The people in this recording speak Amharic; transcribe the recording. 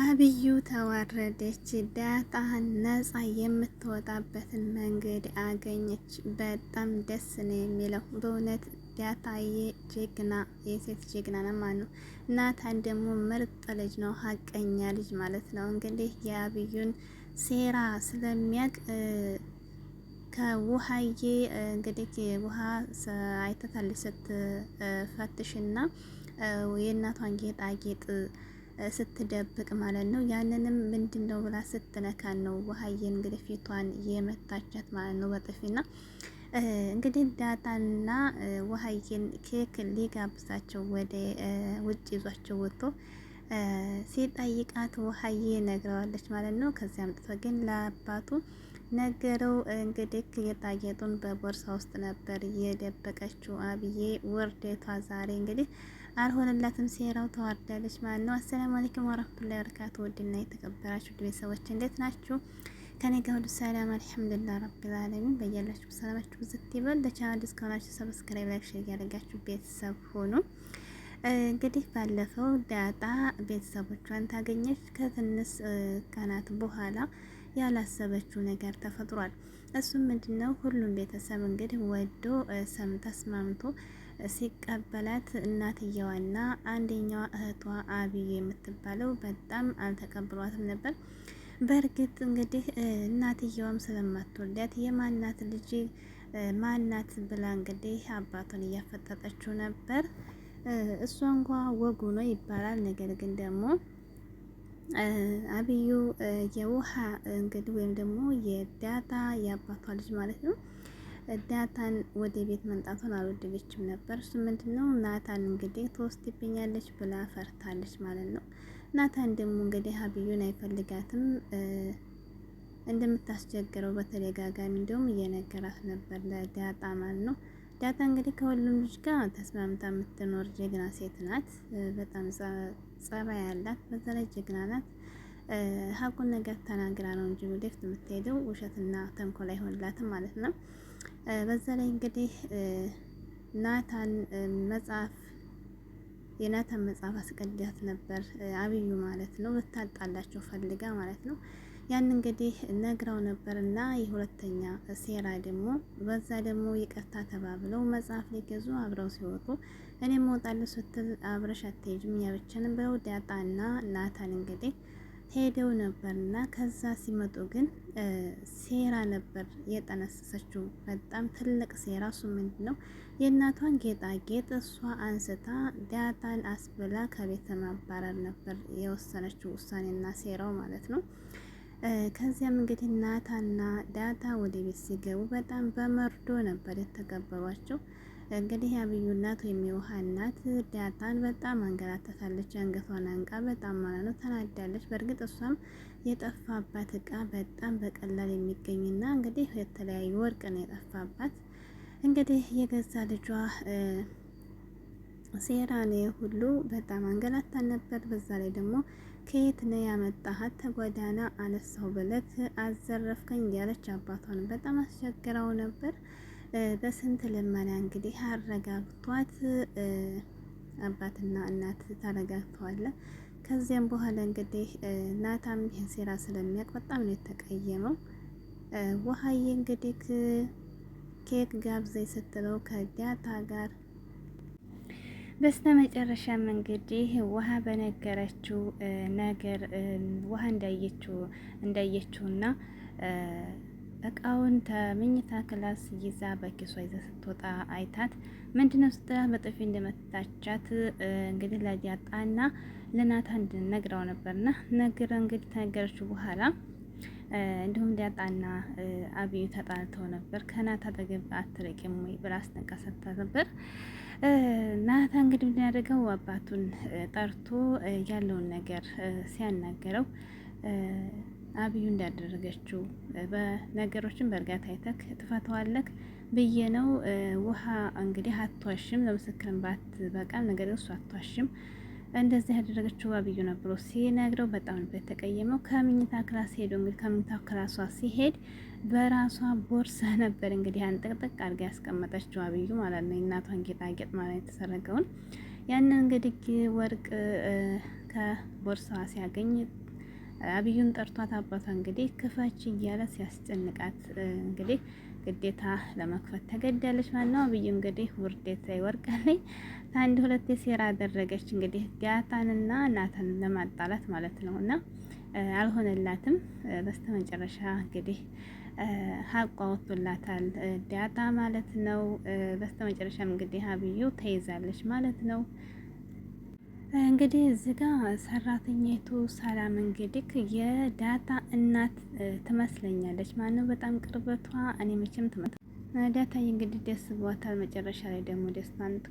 አብዩ ተዋረደች። ዳጣ ነጻ የምትወጣበትን መንገድ አገኘች። በጣም ደስ ነው የሚለው በእውነት ዳጣዬ ጀግና የሴት ጀግና ነው ማለት ነው። ናታን ደግሞ ምርጥ ልጅ ነው፣ ሀቀኛ ልጅ ማለት ነው። እንግዲህ የአብዩን ሴራ ስለሚያቅ ከውሃዬ እንግዲህ ውሃ አይተታለች ስትፈትሽና የእናቷን ጌጣጌጥ ስትደብቅ ማለት ነው። ያንንም ምንድን ነው ብላ ስትነካ ነው ውሀዬን እንግዲህ ፊቷን የመታቻት ማለት ነው በጥፊና እንግዲህ ዳጣና ውሀዬን ኬክ ሊጋብዛቸው ወደ ውጭ ይዟቸው ወጥቶ ሲጠይቃት ውሀዬ ነግረዋለች ማለት ነው። ከዚያ አምጥቶ ግን ለአባቱ ነገረው። እንግዲህ ጌጣጌጡን በቦርሳ ውስጥ ነበር የደበቀችው። አብዬ ውርደቷ ዛሬ እንግዲህ አልሆነላትም። ሴራው ተዋርዳለች ማለት ነው። አሰላሙ አለይኩም ወራህመቱላሂ ወበረካቱ። ውድና የተከበራችሁ ቤተሰቦች እንዴት ናችሁ? ከኔ ጋር ሁሉ ሰላም አልሐምዱሊላህ ረቢል ዓለሚን። በያላችሁ ሰላማችሁ ብዝት ይበል። ለቻናል ዲስካውንታችሁ ሰብስክራይብ፣ ላይክ፣ ሼር ያደርጋችሁ ቤተሰብ ሆኑ። እንግዲህ ባለፈው ዳጣ ቤተሰቦቿን ታገኘች። ከትንሽ ቀናት በኋላ ያላሰበችው ነገር ተፈጥሯል። እሱም ምንድነው? ሁሉም ቤተሰብ እንግዲህ ወዶ ሰም ተስማምቶ ሲቀበላት እናትየዋና አንደኛዋ እህቷ አብይ የምትባለው በጣም አልተቀብሏትም ነበር። በእርግጥ እንግዲህ እናትየዋም ስለማትወልዳት የማናት ልጅ ማናት ብላ እንግዲህ አባቷን እያፈጠጠችው ነበር። እሷ እንኳ ወጉ ነው ይባላል። ነገር ግን ደግሞ አብዩ የውሃ እንግዲህ ወይም ደግሞ የዳታ የአባቷ ልጅ ማለት ነው ዳታን ወደ ቤት መምጣቷን አልወደደችም ነበር። እሱ ምንድን ነው ናታን እንግዲህ ተወስድብኛለች ብላ ፈርታለች ማለት ነው። ናታን ደግሞ እንግዲህ ሀብዩን አይፈልጋትም እንደምታስቸግረው በተደጋጋሚ እንዲሁም እየነገራት ነበር ለዳጣ ማለት ነው። ዳታ እንግዲህ ከሁሉም ልጅ ጋር ተስማምታ የምትኖር ጀግና ሴት ናት። በጣም ጸባይ ያላት በዛ ላይ ጀግና ናት። ሀቁን ነገር ተናግራ ነው እንጂ ወደፊት የምትሄደው ውሸትና ተንኮል አይሆንላትም ማለት ነው። በዛ ላይ እንግዲህ ናታን መጽሐፍ የናታን መጽሐፍ አስቀዳት ነበር አብዩ ማለት ነው። ልታጣላቸው ፈልጋ ማለት ነው። ያን እንግዲህ ነግራው ነበር እና የሁለተኛ ሴራ ደግሞ በዛ ደግሞ ይቅርታ ተባብለው መጽሐፍ ሊገዙ አብረው ሲወጡ እኔም እወጣለሁ ስትል አብረሽ አትሄጂም እኛ ብቻ ነን ብለው ዳጣና ናታን እንግዲህ ሄደው ነበር እና ከዛ ሲመጡ ግን ሴራ ነበር የጠነሰሰችው። በጣም ትልቅ ሴራ። እሱ ምንድ ነው? የእናቷን ጌጣጌጥ እሷ አንስታ ዳታን አስብላ ከቤት ማባረር ነበር የወሰነችው ውሳኔና ሴራው ማለት ነው። ከዚያም እንግዲህ ናታና ዳታ ወደ ቤት ሲገቡ በጣም በመርዶ ነበር የተቀበሏቸው። እንግዲህ የአብዩ እናት ወይም የውሃ እናት ዳጣን በጣም አንገላታታለች። አንገቷን አንቃ በጣም ማለት ነው ተናዳለች። በእርግጥ እሷም የጠፋባት እቃ በጣም በቀላል የሚገኝና እንግዲህ የተለያዩ ወርቅ ነው የጠፋባት። እንግዲህ የገዛ ልጇ ሴራ ሁሉ በጣም አንገላታን ነበር። በዛ ላይ ደግሞ ከየት ነው ያመጣሃት? ተጓዳና አነሳው ብለት አዘረፍከኝ እያለች አባቷን በጣም አስቸግረው ነበር። በስንት ልመና እንግዲህ አረጋግቷት አባትና እናት ታረጋግተዋለ። ከዚያም በኋላ እንግዲህ ናታም ይህን ሴራ ስለሚያውቅ በጣም ነው የተቀየመው። ውሀዬ እንግዲህ ኬክ ጋብዘኝ ስትለው ከዳታ ጋር በስተ መጨረሻም እንግዲህ ውሀ በነገረችው ነገር ውሀ እንዳየችው እንዳየችውና እቃውን ተመኝታ ክላስ ይዛ በኪሷ ይዛ ስትወጣ አይታት ምንድነው ስታ በጥፊ እንደመታቻት እንግዲህ ለዲያጣና ለናታ እንድነግረው ነበርና ነግረ እንግዲህ ተነገረች በኋላ እንዲሁም ዲያጣና አብዩ ተጣልተው ነበር። ከናታ አጠገብ አትርቂም ወይ ብላ አስጠንቃ ሰጥታት ነበር። ናታ እንግዲህ ምን አባቱን ጠርቶ ያለውን ነገር ሲያናገረው አብዩ እንዳደረገችው በነገሮችን በእርጋታ አይተክ ትፈተዋለክ ብዬ ነው። ውሃ እንግዲህ አቷሽም ለምስክርን ባትበቃም ነገር እሱ አቷሽም እንደዚህ ያደረገችው አብዩ ነበሮ ሲነግረው በጣም ነበር የተቀየመው። ከምኝታ ክላስ ሄዶ እንግዲህ ከምኝታ ክላሷ ሲሄድ በራሷ ቦርሳ ነበር እንግዲህ አንጠቅጠቅ አድርጋ ያስቀመጠችው አብዩ ማለት ነው። የእናቷን ጌጣጌጥ ማለት የተሰረገውን ያንን እንግዲህ ወርቅ ከቦርሳዋ ሲያገኝ አብዩን ጠርቷት አባቷ እንግዲህ ክፈች እያለ ሲያስጨንቃት እንግዲህ ግዴታ ለመክፈት ተገዳለች ማለት ነው። አብዩ እንግዲህ ውርዴታ ይወርቃለኝ አንድ ሁለት ሴራ አደረገች እንግዲህ ዳጣንና ናታን ለማጣላት ማለት ነው። እና አልሆነላትም። በስተመጨረሻ እንግዲህ ሀቋ ወጥቶላታል ዳታ ማለት ነው። በስተመጨረሻም እንግዲህ አብዩ ተይዛለች ማለት ነው። እንግዲህ እዚህ ጋ ሰራተኛይቱ ሰላም እንግዲህ የዳታ እናት ትመስለኛለች። ነው በጣም ቅርበቷ እኔ መቼም ትመጣ ዳታ እንግዲህ ደስ ቦታል። መጨረሻ ላይ ደግሞ ደስታን